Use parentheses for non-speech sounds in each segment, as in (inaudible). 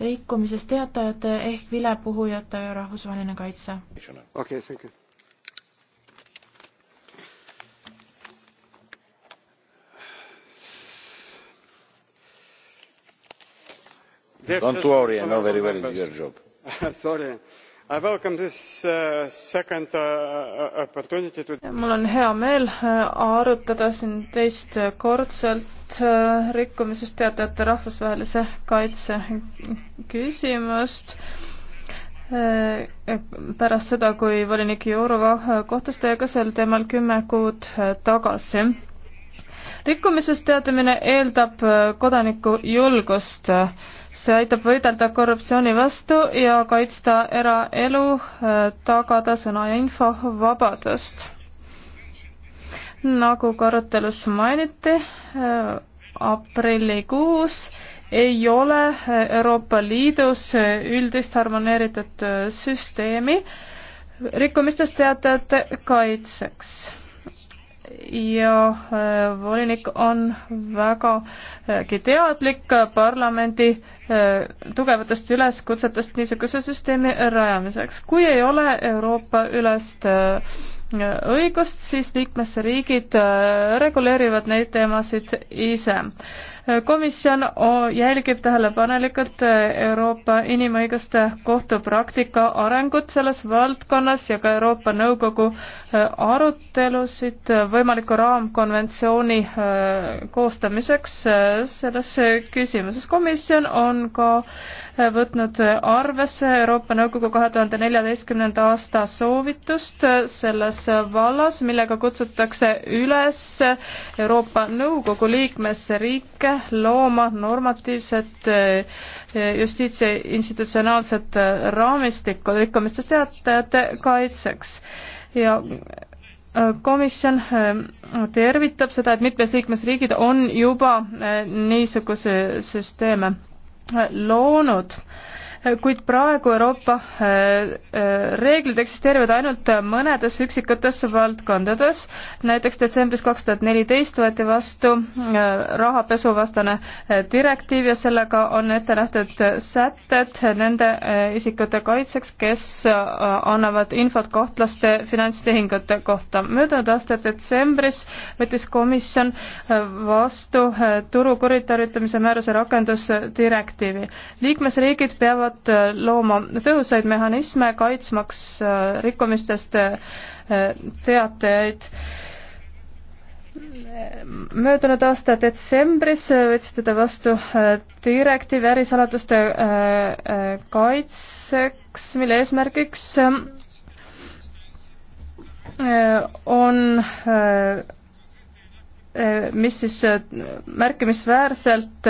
rikkumisest teatajate ehk vilepuhujate rahvusvaheline kaitse. okei okay,, thank you. Don't worry, I know very well your job. (laughs) Sorry. Uh, uh, uh, mul on hea meel äh, arutada siin teistkordselt äh, rikkumisest teatajate rahvusvahelise kaitse küsimust äh, pärast seda, kui volinik Jourova kohtus teiega sel teemal kümme kuud tagasi rikkumisest teatamine eeldab äh, kodaniku julgust. see aitab võidelda korruptsiooni vastu ja kaitsta eraelu, äh, tagada sõna ja info vabadust. nagu ka arutelus mainiti, äh, aprillikuus ei ole Euroopa Liidus üldist harmoneeritud süsteemi rikkumistest teatajate kaitseks ja äh, volinik on vägagi äh, teadlik parlamendi äh, tugevatest üleskutsetest niisuguse süsteemi rajamiseks. kui ei ole Euroopa ülest õigust, siis liikmesriigid äh, reguleerivad neid teemasid ise. komisjon jälgib tähelepanelikult äh, Euroopa Inimõiguste Kohtu praktika arengut selles valdkonnas ja ka Euroopa Nõukogu äh, arutelusid võimaliku raamkonventsiooni koostamiseks selles küsimuses. komisjon on ka võtnud arvesse Euroopa Nõukogu kahe tuhande neljateistkümnenda aasta soovitust selles vallas, millega kutsutakse üles Euroopa Nõukogu liikmesriike looma normatiivset eh, justiits- ja institutsionaalset raamistikku rikkumistest teatajate kaitseks ja eh, komisjon eh, tervitab seda, et mitmes liikmesriigid on juba niisuguse süsteeme loonud kuid praegu Euroopa äh, äh, reeglid eksisteerivad ainult mõnedes üksikutes valdkondades. näiteks detsembris kaks tuhat neliteist võeti vastu äh, rahapesuvastane direktiiv ja sellega on ette nähtud sätted nende isikute kaitseks, kes annavad infot kahtlaste finantstehingute kohta. möödunud aasta detsembris võttis komisjon vastu turu kuritarvitamise määruse rakendusdirektiivi. liikmesriigid peavad peavad äh, looma tõhusaid mehhanisme, kaitsmaks äh, rikkumistest äh, teatajaid. möödunud aasta detsembris võtsite te vastu direktiivi ärisaladuste kaitseks, mille eesmärgiks on mis siis märkimisväärselt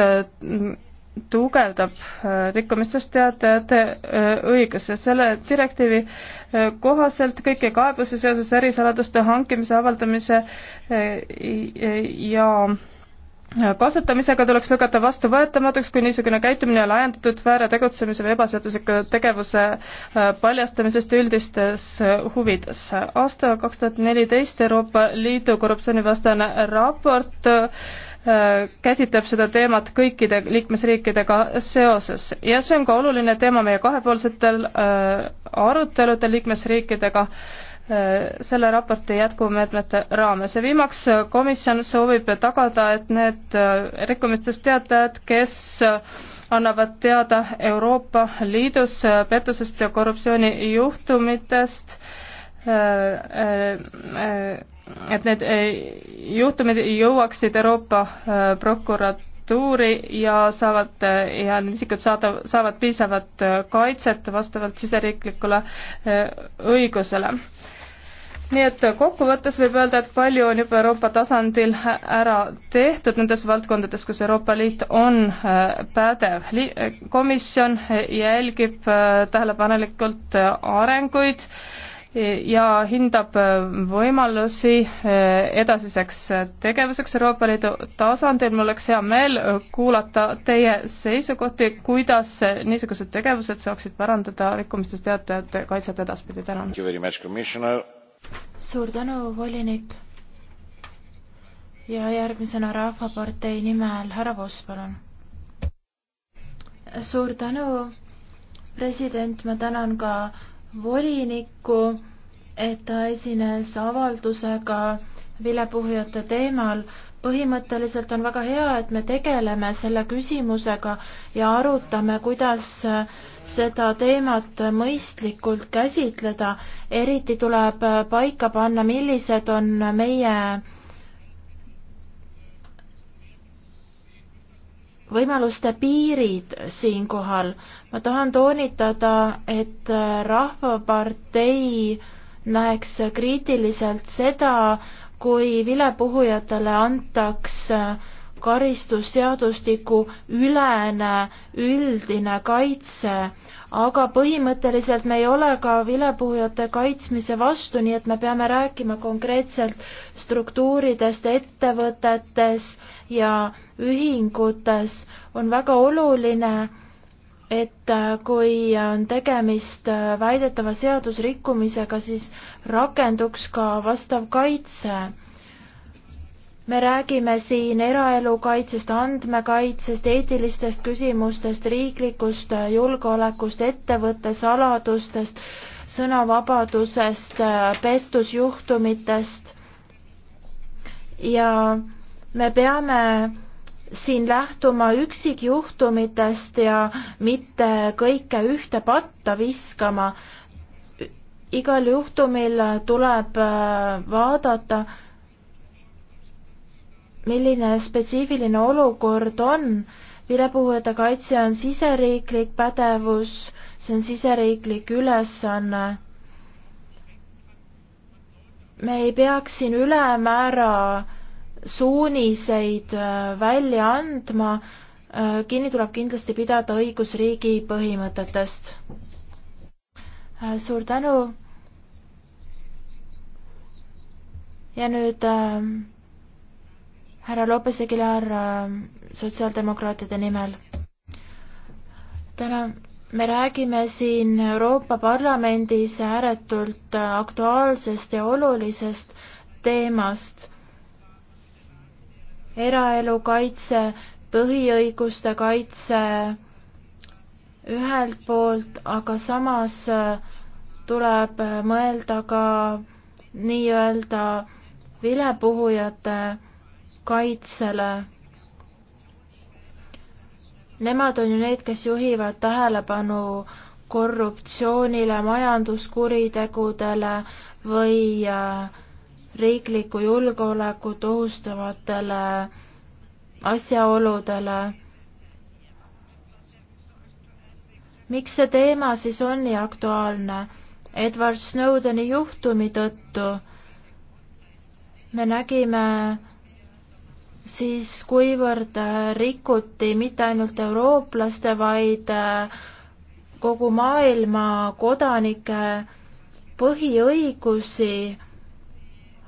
tugevdab äh, rikkumistest teatajate äh, õigus ja selle direktiivi äh, kohaselt kõiki kaebusi seoses ärisaladuste hankimise, avaldamise ja kasutamisega tuleks lükata vastuvõetamatuks, kui niisugune käitumine on ajendatud väära tegutsemise või ebaseadusliku tegevuse paljastamisest üldistes huvides. aasta kaks tuhat neliteist Euroopa Liidu korruptsioonivastane raport Äh, käsitleb seda teemat kõikide liikmesriikidega seoses ja see on ka oluline teema meie kahepoolsetel äh, aruteludel liikmesriikidega äh, selle raporti jätkumeetmete raames ja viimaks komisjon soovib tagada, et need rikkumistest teatajad, kes annavad teada Euroopa Liidus pettusest ja korruptsioonijuhtumitest, Äh, äh, et need äh, juhtumid jõuaksid Euroopa prokuratuuri ja saavad ja need isikud saada, saavad piisavat kaitset vastavalt siseriiklikule õigusele nii et kokkuvõttes võib öelda, et palju on juba Euroopa tasandil ära tehtud nendes valdkondades, kus Euroopa Liit on pädev Li. komisjon jälgib tähelepanelikult arenguid ja hindab äh, võimalusi äh, edasiseks äh, tegevuseks Euroopa Liidu tasandil. mul oleks hea meel kuulata teie seisukohti, kuidas niisugused tegevused saaksid parandada rikkumistest teatajate kaitset edaspidi. tänan. suur tänu, volinik. ja järgmisena Rahvapartei nimel härra Voss, palun. suur tänu, president, ma tänan ka volinikku, et ta esines avaldusega vilepuhujate teemal. põhimõtteliselt on väga hea, et me tegeleme selle küsimusega ja arutame, kuidas seda teemat mõistlikult käsitleda. eriti tuleb paika panna, millised on meie võimaluste piirid siinkohal. ma tahan toonitada, et Rahvapartei näeks kriitiliselt seda, kui vilepuhujatele antaks äh, karistusseadustiku ülene üldine kaitse, aga põhimõtteliselt me ei ole ka vilepuhujate kaitsmise vastu, nii et me peame rääkima konkreetselt struktuuridest, ettevõtetes ja ühingutes. on väga oluline, et kui on tegemist väidetava seadusrikkumisega, siis rakenduks ka vastav kaitse me räägime siin eraelu kaitsest, andmekaitsest, eetilistest küsimustest, riiklikust äh, julgeolekust, ettevõtte saladustest, sõnavabadusest, äh, pettusjuhtumitest ja me peame siin lähtuma üksikjuhtumitest ja mitte kõike ühte patta viskama. igal juhtumil tuleb äh, vaadata, milline spetsiifiline olukord on. vilepuhujate kaitse on siseriiklik pädevus, see on siseriiklik ülesanne. me ei peaks siin ülemäära suuniseid äh, välja andma, äh, kinni tuleb kindlasti pidada õigusriigi põhimõtetest. Äh, suur tänu. ja nüüd äh, härra Lopes Aguilar äh, sotsiaaldemokraatide nimel. täna me räägime siin Euroopa Parlamendis ääretult äh, aktuaalsest ja olulisest teemast. eraelu kaitse, põhiõiguste kaitse ühelt poolt, aga samas äh, tuleb mõelda ka nii-öelda vilepuhujate kaitsele. Nemad on ju need, kes juhivad tähelepanu korruptsioonile, majanduskuritegudele või äh, riikliku julgeolekut ohustavatele asjaoludele. miks see teema siis on nii aktuaalne? Edward Snowdeni juhtumi tõttu me nägime siis kuivõrd äh, rikuti mitte ainult eurooplaste, vaid äh, kogu maailma kodanike põhiõigusi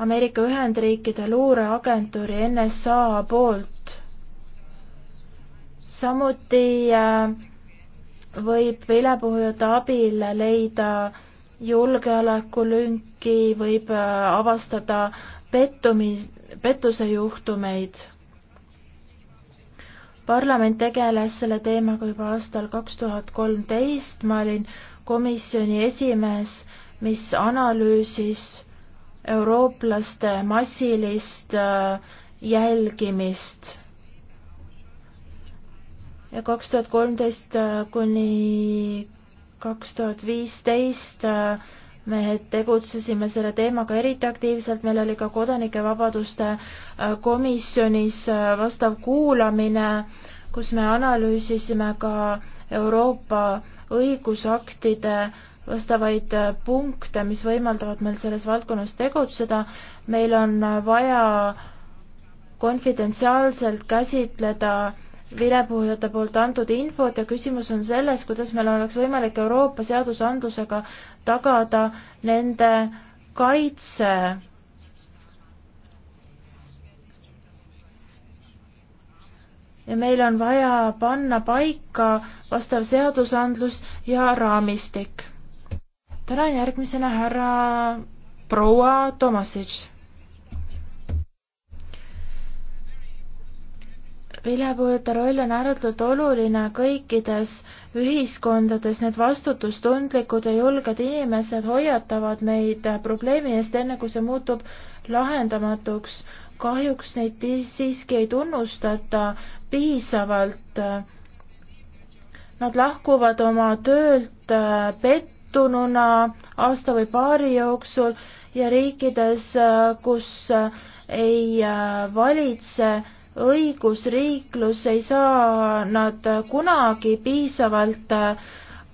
Ameerika Ühendriikide luureagentuuri NSA poolt. samuti äh, võib vilepuhujate abil leida julgeolekulünki, võib avastada pettumis, pettusejuhtumeid parlament tegeles selle teemaga juba aastal kaks tuhat kolmteist, ma olin komisjoni esimees, mis analüüsis eurooplaste massilist äh, jälgimist. ja kaks tuhat kolmteist äh, kuni kaks tuhat viisteist äh, me tegutsesime selle teemaga eriti aktiivselt, meil oli ka kodanike vabaduste äh, komisjonis äh, vastav kuulamine, kus me analüüsisime ka Euroopa õigusaktide vastavaid äh, punkte, mis võimaldavad meil selles valdkonnas tegutseda. meil on vaja konfidentsiaalselt käsitleda vilepuhujate poolt antud infot ja küsimus on selles, kuidas meil oleks võimalik Euroopa seadusandlusega tagada nende kaitse. ja meil on vaja panna paika vastav seadusandlus ja raamistik. tänan järgmisena härra proua Tomasitš viljapuhujate roll on ääretult oluline kõikides ühiskondades, need vastutustundlikud ja julged inimesed hoiatavad meid probleemi eest, enne kui see muutub lahendamatuks. kahjuks neid siiski ei tunnustata piisavalt. Nad lahkuvad oma töölt äh, pettununa aasta või paari jooksul ja riikides, äh, kus äh, ei valitse õigusriiklus ei saa nad kunagi piisavalt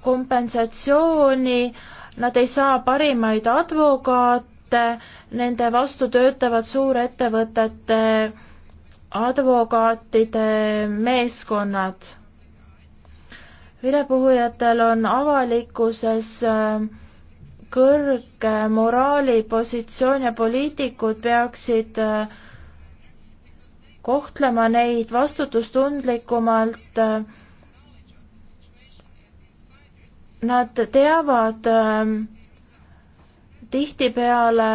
kompensatsiooni, nad ei saa parimaid advokaate, nende vastu töötavad suurettevõtete advokaatide meeskonnad. vilepuhujatel on avalikkuses äh, kõrge moraalipositsioon ja poliitikud peaksid äh, kohtlema neid vastutustundlikumalt. Nad teavad ähm, tihtipeale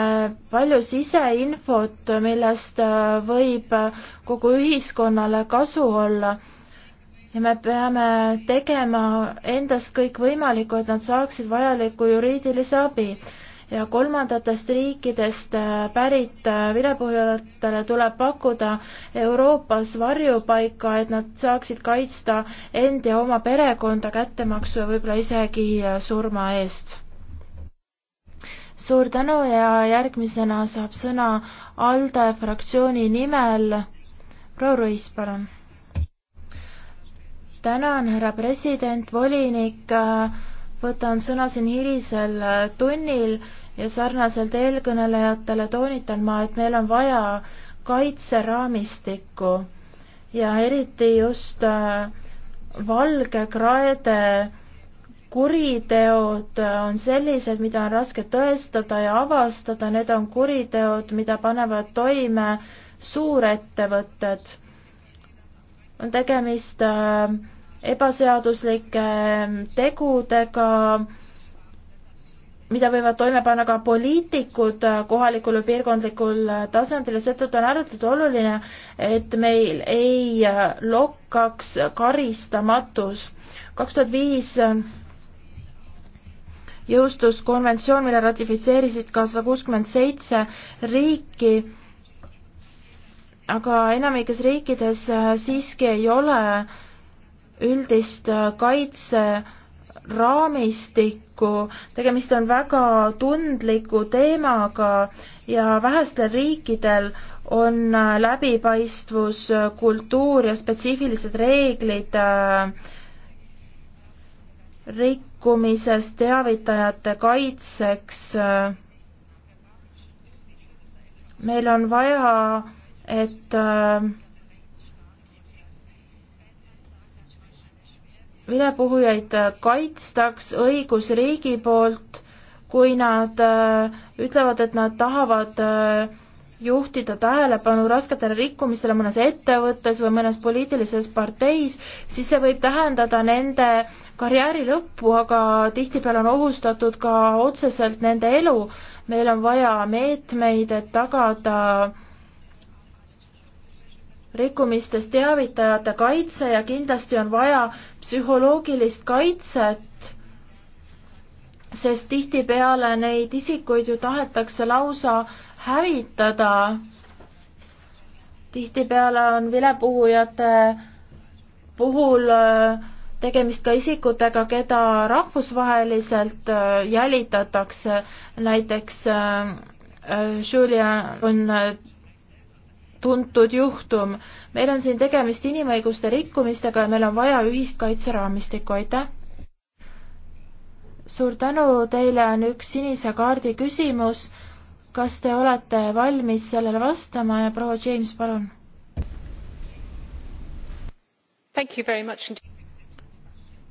palju siseinfot, millest äh, võib kogu ühiskonnale kasu olla ja me peame tegema endast kõik võimalikku, et nad saaksid vajalikku juriidilise abi ja kolmandatest riikidest äh, pärit äh, vilepuhujatele tuleb pakkuda Euroopas varjupaika, et nad saaksid kaitsta end ja oma perekonda kättemaksu ja võib-olla isegi äh, surma eest. suur tänu ja järgmisena saab sõna ALDE fraktsiooni nimel proua Ruiz, palun. tänan, härra president, volinik äh, võtan sõna siin hilisel äh, tunnil ja sarnaselt eelkõnelejatele toonitan ma, et meil on vaja kaitseraamistikku ja eriti just äh, valgekraede kuriteod äh, on sellised, mida on raske tõestada ja avastada, need on kuriteod, mida panevad toime suurettevõtted. on tegemist äh, ebaseaduslike ähm, tegudega, mida võivad toime panna ka poliitikud äh, kohalikul või piirkondlikul äh, tasandil ja seetõttu on ääretult oluline, et meil ei äh, lokkaks karistamatus. kaks tuhat viis jõustus konventsioon, mille ratifitseerisid ka sada kuuskümmend seitse riiki, aga enamikes riikides siiski ei ole äh, üldist äh, kaitseraamistikku, tegemist on väga tundliku teemaga ja vähestel riikidel on äh, läbipaistvus, äh, kultuur ja spetsiifilised reeglid rikkumisest teavitajate kaitseks. meil on vaja, et äh, vilepuhujaid kaitstaks õigusriigi poolt, kui nad äh, ütlevad, et nad tahavad äh, juhtida tähelepanu rasketele rikkumistele mõnes ettevõttes või mõnes poliitilises parteis, siis see võib tähendada nende karjääri lõppu, aga tihtipeale on ohustatud ka otseselt nende elu. meil on vaja meetmeid, et tagada rikkumistest teavitajate kaitse ja kindlasti on vaja psühholoogilist kaitset, sest tihtipeale neid isikuid ju tahetakse lausa hävitada. tihtipeale on vilepuhujate puhul äh, tegemist ka isikutega, keda rahvusvaheliselt äh, jälitatakse, näiteks äh, Julia on tuntud juhtum. meil on siin tegemist inimõiguste rikkumistega ja meil on vaja ühist kaitseraamistikku, aitäh! suur tänu, teile on üks sinise kaardi küsimus. kas te olete valmis sellele vastama ja proua James, palun?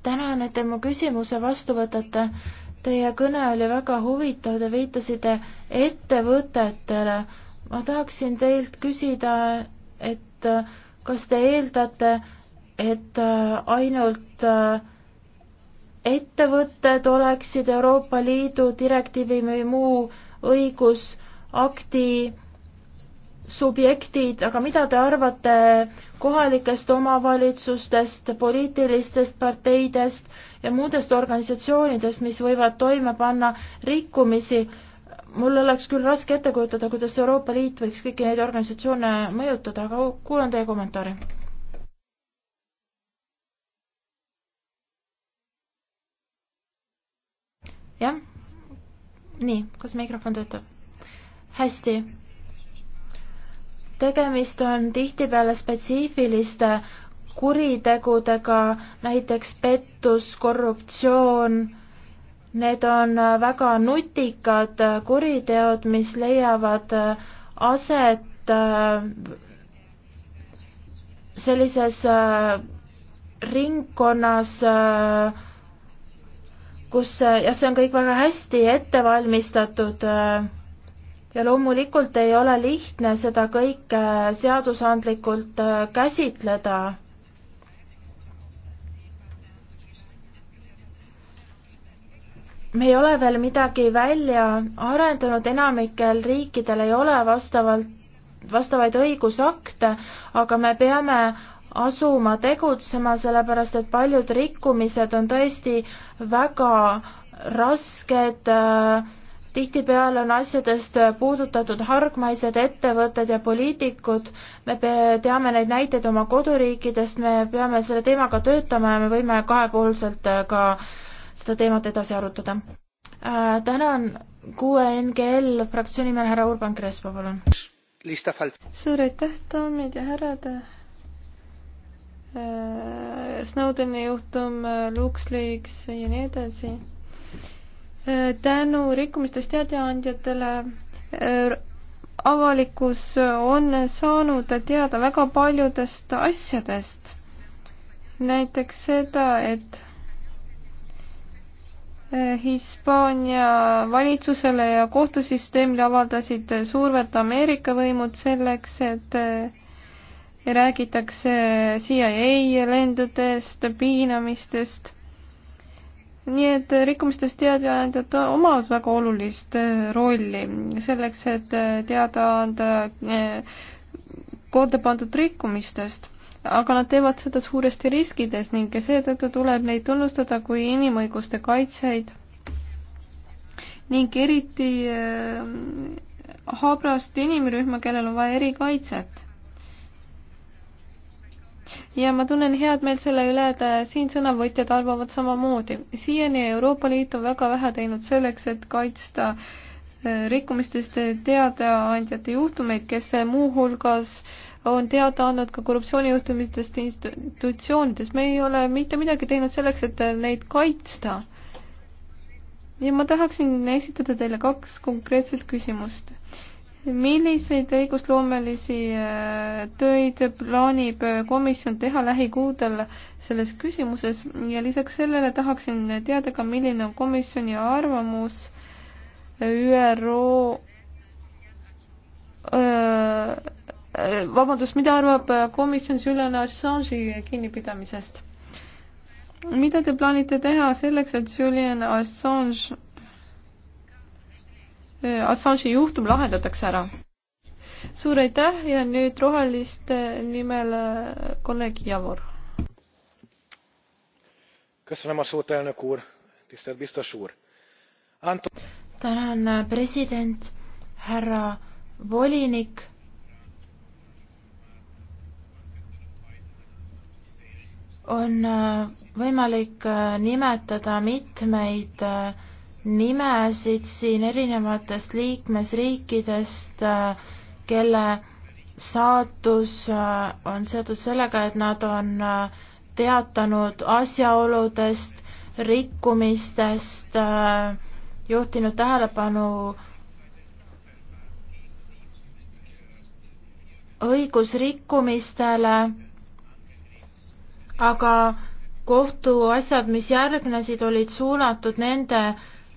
tänan, et te mu küsimuse vastu võtate. Teie kõne oli väga huvitav, te viitasite ettevõtetele ma tahaksin teilt küsida, et äh, kas te eeldate, et äh, ainult äh, ettevõtted oleksid Euroopa Liidu direktiivi või muu õigusakti subjektid, aga mida te arvate kohalikest omavalitsustest, poliitilistest parteidest ja muudest organisatsioonidest, mis võivad toime panna rikkumisi mul oleks küll raske ette kujutada, kuidas Euroopa Liit võiks kõiki neid organisatsioone mõjutada, aga kuulan teie kommentaari. jah, nii, kas mikrofon töötab? hästi. tegemist on tihtipeale spetsiifiliste kuritegudega, näiteks pettus, korruptsioon Need on väga nutikad kuriteod, mis leiavad aset äh, sellises äh, ringkonnas, äh, kus jah, see on kõik väga hästi ette valmistatud ja loomulikult ei ole lihtne seda kõike seadusandlikult käsitleda me ei ole veel midagi välja arendanud, enamikel riikidel ei ole vastavalt, vastavaid õigusakte, aga me peame asuma tegutsema, sellepärast et paljud rikkumised on tõesti väga rasked äh, tihtipeale on asjadest puudutatud hargmaised ettevõtted ja poliitikud, me teame neid näiteid oma koduriikidest, me peame selle teemaga töötama ja me võime kahepoolselt äh, ka äh, seda teemat edasi arutada. Äh, tänan kuue NGL fraktsiooni nimel härra Urban Crespo, palun. suur aitäh, daamid ja härrad. Äh, Snowdeni juhtum, LuxLeaks ja nii edasi. Äh, tänu rikkumistest teadeandjatele avalikkus on saanud teada väga paljudest asjadest. näiteks seda, et Hispaania valitsusele ja kohtusüsteemile avaldasid survet Ameerika võimud selleks, et äh, räägitakse CIA lendudest, piinamistest. nii et rikkumistest teadaandjad omavad väga olulist äh, rolli selleks, et äh, teada anda korda pandud rikkumistest aga nad teevad seda suuresti riskides ning seetõttu tuleb neid tunnustada kui inimõiguste kaitsjaid ning eriti äh, habrast inimrühma, kellel on vaja erikaitset. ja ma tunnen head meelt selle üle, et äh, siin sõnavõtjad arvavad samamoodi. siiani Euroopa Liit on väga vähe teinud selleks, et kaitsta äh, rikkumistest teadaandjate juhtumeid, kes muuhulgas äh, on teada andnud ka korruptsioonijuhtumistest institutsioonides. me ei ole mitte midagi teinud selleks, et neid kaitsta. ja ma tahaksin esitada teile kaks konkreetset küsimust. milliseid õigusloomelisi äh, töid plaanib komisjon teha lähikuudel selles küsimuses ja lisaks sellele tahaksin teada ka, milline on komisjoni arvamus ÜRO öö, äh, Äh, vabandust, mida arvab äh, komisjon Julian Assange'i kinnipidamisest? mida te plaanite teha selleks, et Julian Assange, äh, Assange'i juhtum lahendatakse ära? suur aitäh ja nüüd roheliste nimel kolleeg Javor. tänan, president, härra volinik on äh, võimalik äh, nimetada mitmeid äh, nimesid siin erinevatest liikmesriikidest, kelle saatus on seotud sellega, et nad on teatanud asjaoludest, rikkumistest, juhtinud tähelepanu õigusrikkumistele aga kohtuasjad, mis järgnesid, olid suunatud nende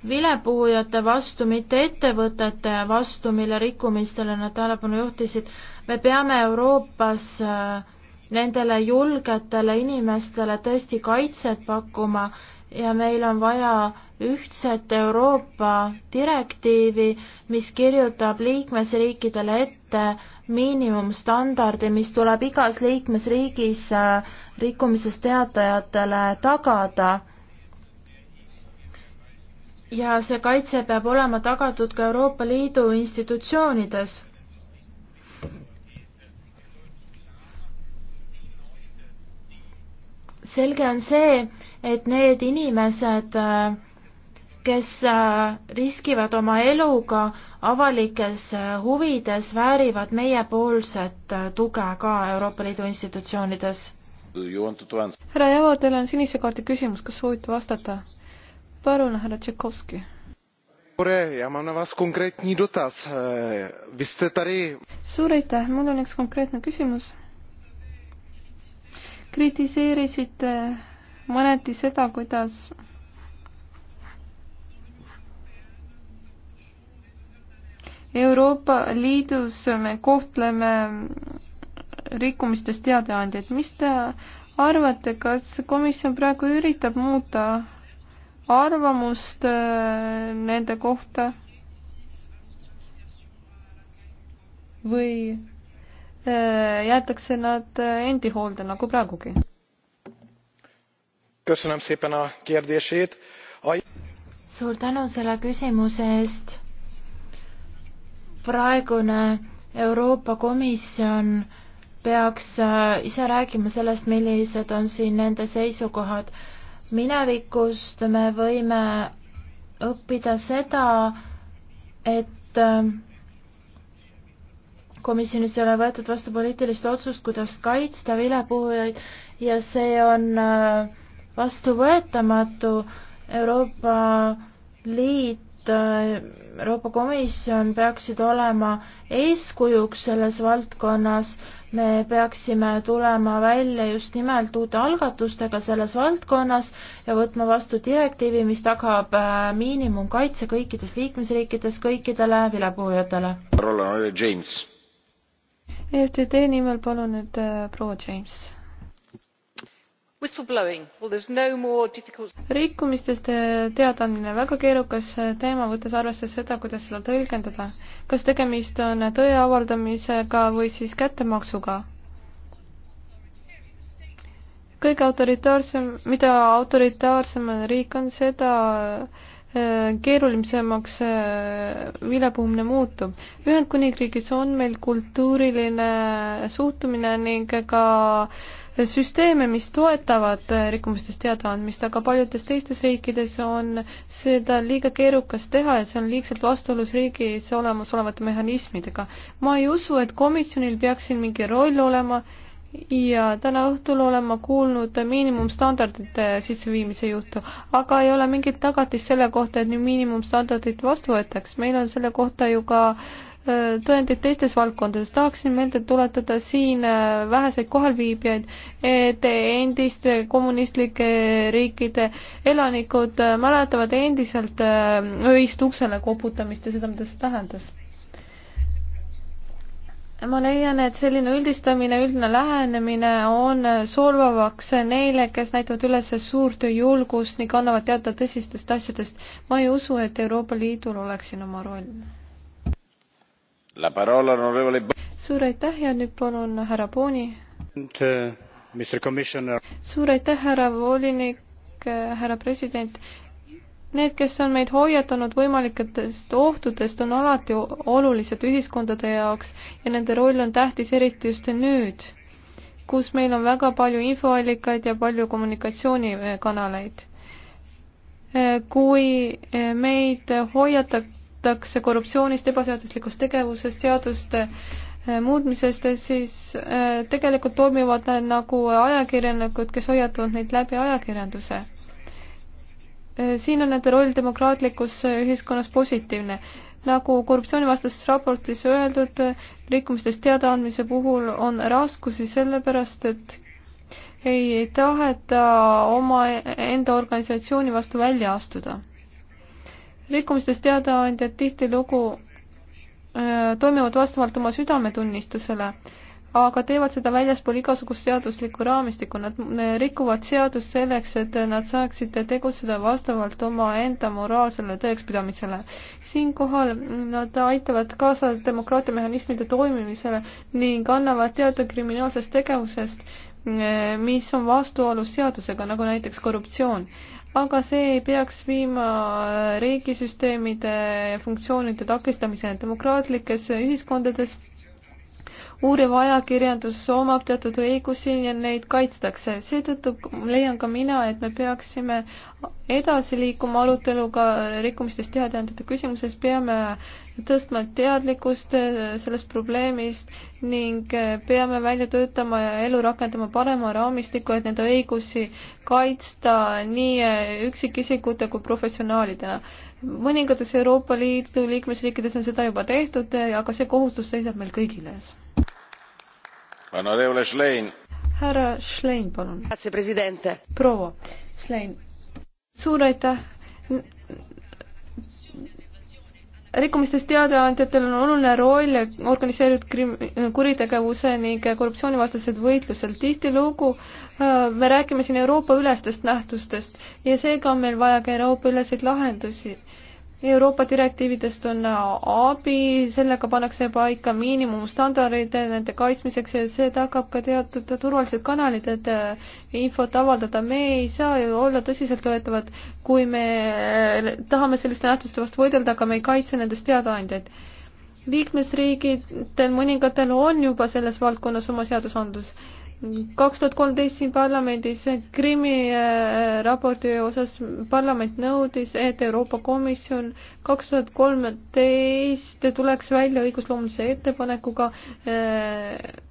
vilepuhujate vastu, mitte ettevõtete vastu, mille rikkumistele nad tähelepanu juhtisid. me peame Euroopas äh, nendele julgetele inimestele tõesti kaitset pakkuma ja meil on vaja ühtset Euroopa direktiivi, mis kirjutab liikmesriikidele ette miinimumstandardi, mis tuleb igas liikmesriigis äh, rikkumisest teatajatele tagada. ja see kaitse peab olema tagatud ka Euroopa Liidu institutsioonides selge on see, et need inimesed äh, kes äh, riskivad oma eluga avalikes äh, huvides, väärivad meiepoolset äh, tuge ka Euroopa Liidu institutsioonides. härra Javo, teil on sinise kaardi küsimus, kas soovite vastata? palun, härra Tšekovski. suur aitäh, mul on üks konkreetne küsimus. kritiseerisite mõneti seda, kuidas Euroopa Liidus me kohtleme rikkumistest teadeandjaid. mis te arvate, kas komisjon praegu üritab muuta arvamust äh, nende kohta või äh, jäetakse nad äh, endi hoolde nagu praegugi? suur tänu selle küsimuse eest praegune Euroopa Komisjon peaks äh, ise rääkima sellest, millised on siin nende seisukohad. minevikust me võime õppida seda, et äh, komisjonis ei ole võetud vastu poliitilist otsust, kuidas kaitsta vilepuhujaid ja see on äh, vastuvõetamatu. Euroopa Liit Äh, Euroopa Komisjon peaksid olema eeskujuks selles valdkonnas, me peaksime tulema välja just nimelt uute algatustega selles valdkonnas ja võtma vastu direktiivi, mis tagab äh, miinimumkaitse kõikides liikmesriikides kõikidele vilepuhujatele. EFTD e nimel palun nüüd äh, proua James rikkumistest eh, teadaandmine väga keerukas eh, teema, võttes arvesse seda, kuidas seda tõlgendada. kas tegemist on tõe avaldamisega või siis kättemaksuga? kõige autoritaarsem, mida autoritaarsem riik on, seda eh, keerulisemaks vilepuhumine muutub. Ühendkuningriigis on meil kultuuriline suhtumine ning ka äh, süsteeme, mis toetavad äh, rikkumistest teadaandmist, aga paljudes teistes riikides on seda liiga keerukas teha ja see on liigselt vastuolus riigis olemasolevate mehhanismidega. ma ei usu, et komisjonil peaks siin mingi roll olema ja täna õhtul olen ma kuulnud miinimumstandardite sisseviimise juttu, aga ei ole mingit tagatist selle kohta, et nüüd miinimumstandardid vastu võetaks, meil on selle kohta ju ka äh, tõendeid teistes valdkondades. tahaksin meelde tuletada siin äh, väheseid kohalviibijaid, et endiste kommunistlike riikide elanikud äh, mäletavad endiselt äh, öist uksele koputamist ja seda, mida see tähendas ma leian, et selline üldistamine, üldine lähenemine on solvavaks neile, kes näitavad üles suurt julgust ning annavad teada tõsistest asjadest. ma ei usu, et Euroopa Liidul oleks siin oma roll suur aitäh ja nüüd palun härra Booni. Uh, suur aitäh, härra volinik, äh, härra president. Need, kes on meid hoiatanud võimalikest ohtudest, on alati olulised ühiskondade jaoks ja nende roll on tähtis, eriti just nüüd, kus meil on väga palju infoallikaid ja palju kommunikatsioonikanaleid. Äh, kui äh, meid hoiatak-, räägitakse korruptsioonist, ebaseaduslikust tegevusest, seaduste eh, muutmisest, siis eh, tegelikult toimivad nad nagu ajakirjanikud, kes hoiatavad neid läbi ajakirjanduse. Eh, siin on nende roll demokraatlikus ühiskonnas positiivne. nagu korruptsioonivastases raportis öeldud, rikkumistest teadaandmise puhul on raskusi sellepärast, et ei taheta omaenda organisatsiooni vastu välja astuda rikkumistest teadaandjad tihtilugu äh, toimivad vastavalt oma südametunnistusele, aga teevad seda väljaspool igasugust seaduslikku raamistikku, nad äh, rikuvad seadust selleks, et nad saaksid tegutseda vastavalt omaenda moraalsele tõekspidamisele. siinkohal nad aitavad kaasa demokraatia mehhanismide toimimisele ning annavad teada kriminaalsest tegevusest, mis on vastuolus seadusega, nagu näiteks korruptsioon. aga see ei peaks viima riigisüsteemide funktsioonide takistamiseni demokraatlikes ühiskondades uuriv ajakirjandus omab teatud õigusi ja neid kaitstakse. seetõttu leian ka mina, et me peaksime edasi liikuma aruteluga rikkumistest teadaandjate küsimuses, peame tõstma teadlikkust sellest probleemist ning peame välja töötama ja elu rakendama parema raamistiku, et nende õigusi kaitsta nii üksikisikute kui professionaalidena. mõningates Euroopa Liidu liikmesriikides on seda juba tehtud, aga see kohustus seisab meil kõigil ees härra Schlein, palun. proua Schlein, suur aitäh rikkumistest teadaandjatel on oluline roll organiseeritud krim-, kuritegevuse ning korruptsioonivastased võitlusel. tihtilugu äh, me räägime siin Euroopa-ülestest nähtustest ja seega on meil vaja ka Euroopa-üleseid lahendusi Euroopa direktiividest on abi, sellega pannakse paika miinimumstandardid nende kaitsmiseks ja see tagab ka teatud turvalised kanalid, et äh, infot avaldada. me ei saa ju olla tõsiseltvõetavad, kui me äh, tahame selliste nähtuste vastu võidelda, aga me ei kaitse nendest teadaandjaid. liikmesriigidel mõningatel on juba selles valdkonnas oma seadusandlus kaks tuhat kolmteist siin parlamendis Krimmi äh, raporti osas parlament nõudis, et Euroopa Komisjon kaks tuhat kolmteist tuleks välja õigusloomulise ettepanekuga äh,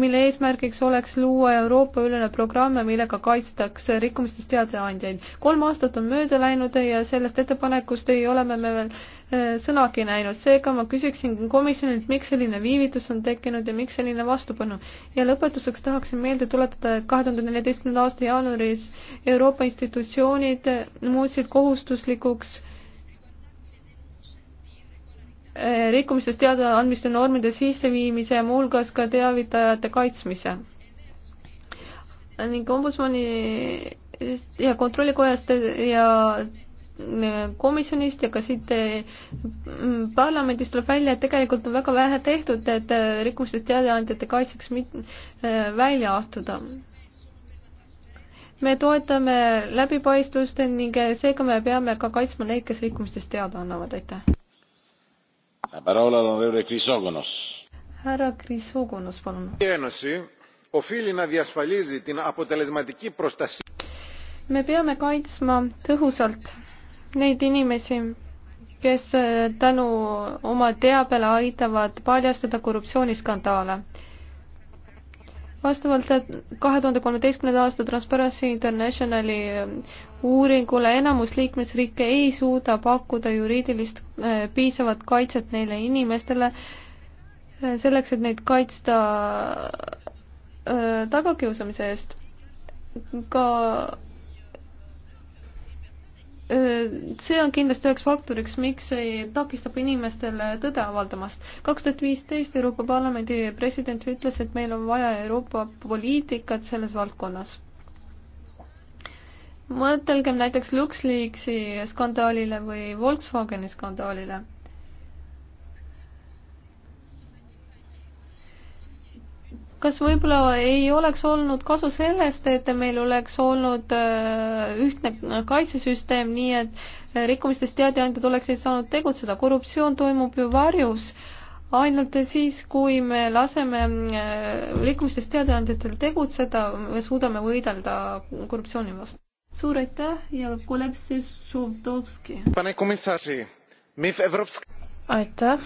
mille eesmärgiks oleks luua Euroopa-ülene programm, millega kaitstakse rikkumistest teateandjaid. kolm aastat on mööda läinud ja sellest ettepanekust ei ole me veel eh, sõnagi näinud, seega ma küsiksin komisjonilt, miks selline viivitus on tekkinud ja miks selline vastupanu. ja lõpetuseks tahaksin meelde tuletada, et kahe tuhande neljateistkümnenda aasta jaanuaris Euroopa institutsioonid muutsid kohustuslikuks Eh, rikkumistest teadaandmiste normide sisseviimise ja muuhulgas ka teavitajate kaitsmise. ning ombudsmani ja kontrollikojast ja eh, komisjonist ja ka siit eh, parlamendist tuleb välja, et tegelikult on väga vähe tehtud, et rikkumistest teadaandjate kaitseks mit-, välja astuda. me toetame läbipaistvust ning seega me peame ka kaitsma neid, kes rikkumistest teada annavad, aitäh! härra Krisogonos, palun. me peame kaitsma tõhusalt neid inimesi, kes äh, tänu oma teabele aitavad paljastada korruptsiooniskandaale. vastavalt äh, kahe tuhande kolmeteistkümnenda aasta Transparency Internationali äh, uuringule enamus liikmesriike ei suuda pakkuda juriidilist äh, piisavat kaitset neile inimestele äh, selleks, et neid kaitsta äh, tagakiusamise eest. ka see on kindlasti üheks faktoriks, miks see takistab inimestele tõde avaldamast. kaks tuhat viisteist Euroopa Parlamendi president ütles, et meil on vaja Euroopa poliitikat selles valdkonnas mõtelgem näiteks LuxLeaksi skandaalile või Volkswageni skandaalile. kas võib-olla ei oleks olnud kasu sellest, et meil oleks olnud äh, ühtne kaitsesüsteem, nii et äh, rikkumistest teadeandjad oleksid saanud tegutseda, korruptsioon toimub ju varjus ainult siis, kui me laseme äh, rikkumistest teadaandjatel tegutseda, me suudame võidelda korruptsiooni vastu suur aitäh ja kolleeg Sešovdovski. pane komissari, me v Evropsk-. aitäh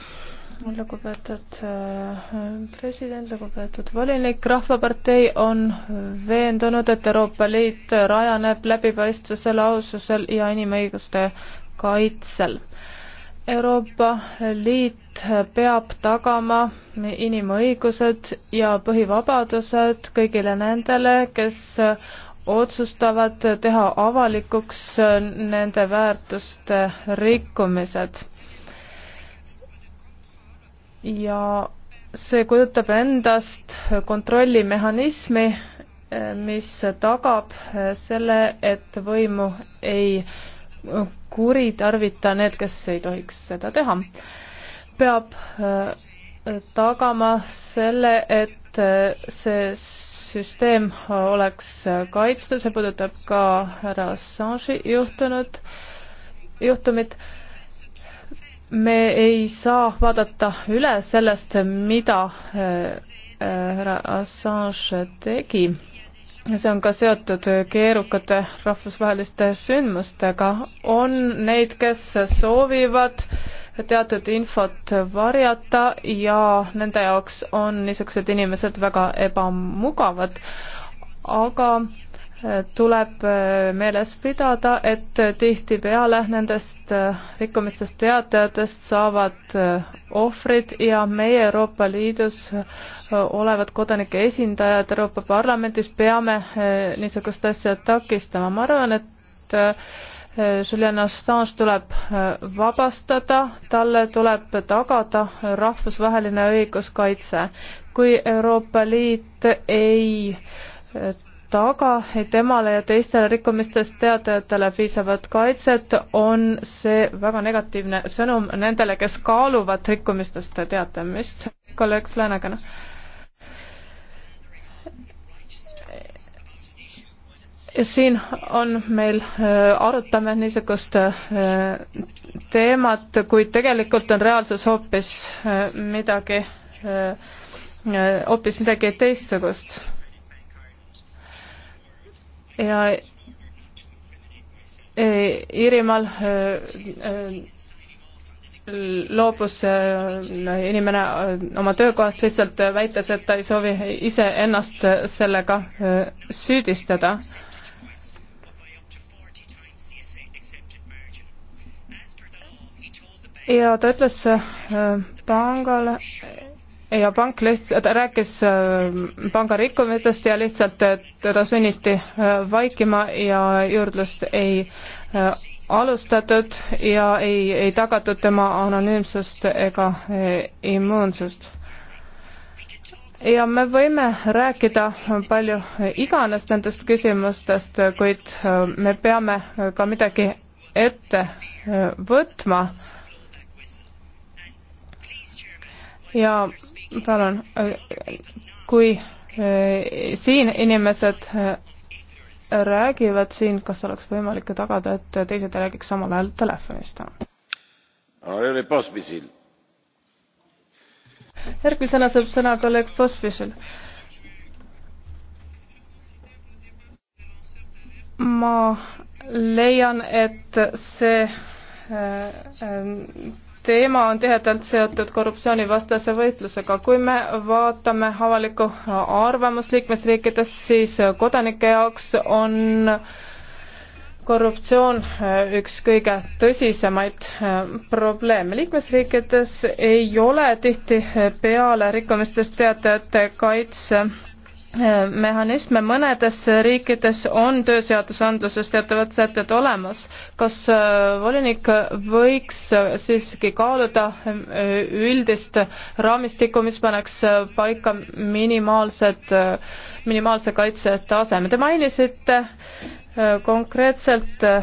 lugupeetud äh, president, lugupeetud volinik, Rahvapartei on veendunud, et Euroopa Liit rajaneb läbipaistvusel, aususel ja inimõiguste kaitsel. Euroopa Liit peab tagama inimõigused ja põhivabadused kõigile nendele, kes otsustavad teha avalikuks nende väärtuste rikkumised. ja see kujutab endast kontrollimehhanismi, mis tagab selle, et võimu ei kuritarvita need, kes ei tohiks seda teha. peab tagama selle, et see süsteem äh, oleks äh, kaitstud, see puudutab ka härra Assange'i juhtunud, juhtumit. me ei saa vaadata üle sellest, mida äh, härra Assange tegi see on ka seotud keerukate rahvusvaheliste sündmustega, on neid, kes soovivad teatud infot varjata ja nende jaoks on niisugused inimesed väga ebamugavad aga äh, tuleb äh, meeles pidada, et tihtipeale nendest äh, rikkumistest teatajatest saavad ohvrid ja meie Euroopa Liidus olevad kodanike esindajad Euroopa Parlamendis peame niisugust asja takistama. ma arvan, et Julian Assange tuleb vabastada, talle tuleb tagada rahvusvaheline õiguskaitse. kui Euroopa Liit ei äh, taga, et temale ja teistele rikkumistest teatajatele piisavat kaitset, on see väga negatiivne sõnum nendele, kes kaaluvad rikkumistest teatamist. kolleeg Flanagan. siin on meil, äh, arutame niisugust äh, teemat, kuid tegelikult on reaalsus hoopis äh, midagi, hoopis midagi teistsugust ja e, Iirimaal e, e, loobus inimene oma töökohast lihtsalt väites, et ta ei soovi iseennast sellega süüdistada. ja ta ütles pangale, ja pank lihtsalt, ta rääkis äh, panga rikkumistest ja lihtsalt teda sunniti äh, vaikima ja juurdlust ei äh, alustatud ja ei, ei tagatud tema anonüümsust ega immuunsust. ja me võime rääkida palju iganes nendest küsimustest, kuid me peame ka midagi ette võtma ja palun, kui eh, siin inimesed eh, räägivad siin, kas oleks võimalik ka tagada, et teised ei räägiks samal ajal telefonis täna? järgmisena saab sõna kolleeg Pospisil. ma leian, et see eh, teema on tihedalt seotud korruptsioonivastase võitlusega. kui me vaatame avalikku arvamust liikmesriikides, siis kodanike jaoks on korruptsioon äh, üks kõige tõsisemaid äh, probleeme. liikmesriikides ei ole tihtipeale rikkumistest teatajate kaitse mehhanisme, mõnedes riikides on tööseadusandluses teatavad sätted olemas. kas äh, volinik võiks äh, siiski kaaluda äh, üldist raamistikku, mis paneks paika minimaalsed, minimaalse kaitse taseme? Te mainisite konkreetselt äh,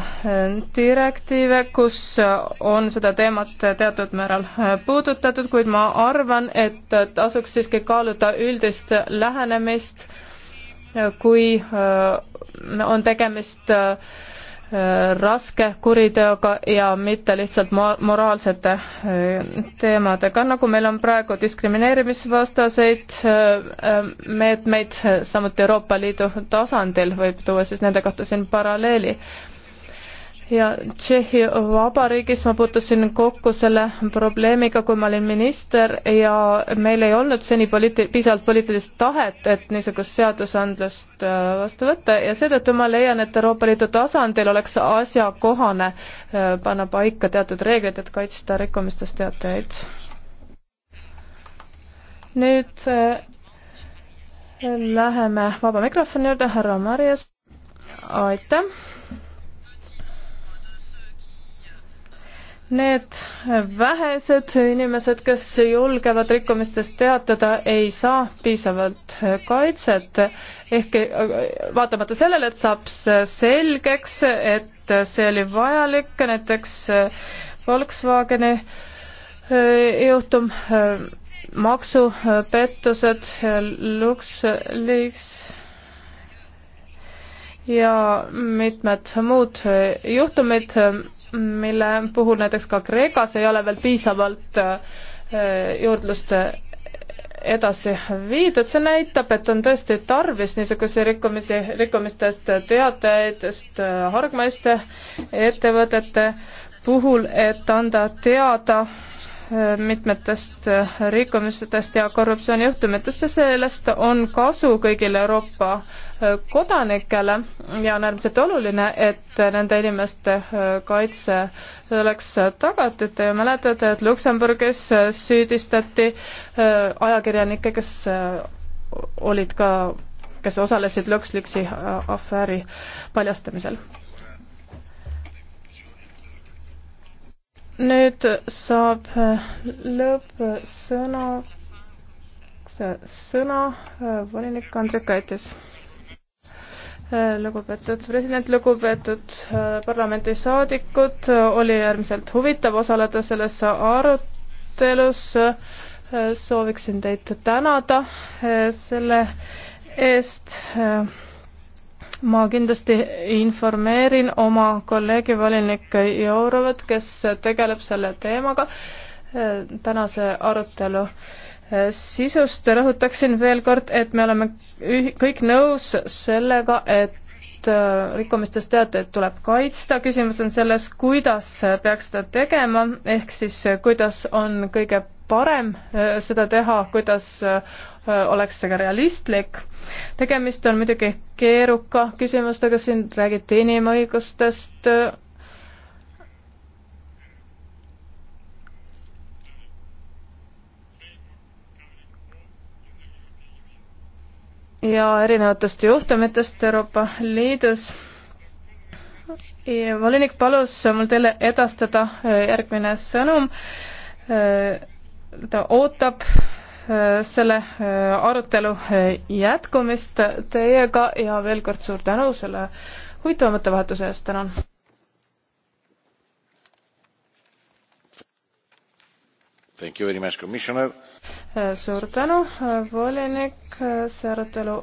direktiive, kus äh, on seda teemat teatud määral äh, puudutatud, kuid ma arvan, et tasuks siiski kaaluda üldist lähenemist, kui on tegemist äh, Äh, raske kuriteoga ja mitte lihtsalt mo-, moraalsete äh, teemadega, nagu meil on praegu diskrimineerimisvastaseid äh, meetmeid, samuti Euroopa Liidu tasandil võib tuua siis nendega siin paralleeli ja Tšehhi Vabariigis ma puutusin kokku selle probleemiga, kui ma olin minister ja meil ei olnud seni poliiti-, piisavalt poliitilist tahet, et niisugust seadusandlust äh, vastu võtta ja seetõttu ma leian, et Euroopa Liidu tasandil oleks asjakohane äh, panna paika teatud reeglid, et kaitsta rikkumistest teatajaid. nüüd äh, läheme vaba mikrofoni juurde, härra Marjas, aitäh! need vähesed inimesed, kes julgevad rikkumistest teatada, ei saa piisavalt kaitset. ehkki vaatamata sellele, et saab selgeks, et see oli vajalik, näiteks Volkswageni äh, juhtum, äh, maksupettused, LuxLeaks ja mitmed muud juhtumid, mille puhul näiteks ka Kreekas ei ole veel piisavalt äh, juurdlust edasi viidud, see näitab, et on tõesti tarvis niisuguseid rikkumisi, rikkumistest teatajaid just äh, hargmaiste ettevõtete puhul, et anda teada mitmetest äh, rikkumistest ja korruptsioonijuhtumitest ja sellest on kasu kõigile Euroopa äh, kodanikele ja on äärmiselt oluline, et nende inimeste äh, kaitse oleks tagatud. Te ju mäletate, et Luksemburgis süüdistati ajakirjanikke, kes olid ka, kes osalesid LuxLeaksi afääri paljastamisel nüüd saab äh, lõppsõna, sõna äh, volinik Andrek Aitis. Äh, lugupeetud president, lugupeetud parlamendisaadikud, oli äärmiselt huvitav osaleda selles arutelus. sooviksin teid tänada selle eest ma kindlasti informeerin oma kolleegi volinik Jourovat, kes tegeleb selle teemaga eh, tänase arutelu eh, sisust. rõhutaksin veel kord, et me oleme kõik nõus sellega, et eh, rikkumistest teateid tuleb kaitsta, küsimus on selles, kuidas peaks seda tegema, ehk siis kuidas on kõige parem äh, seda teha, kuidas äh, oleks see ka realistlik. tegemist on muidugi keeruka küsimustega, siin räägiti inimõigustest, äh, ja erinevatest juhtumitest Euroopa Liidus volinik palus mul teile edastada järgmine sõnum ta ootab äh, selle äh, arutelu äh, jätkumist teiega ja veel kord suur tänu selle huvitava mõttevahetuse eest, tänan. suur tänu, volinik, see arutelu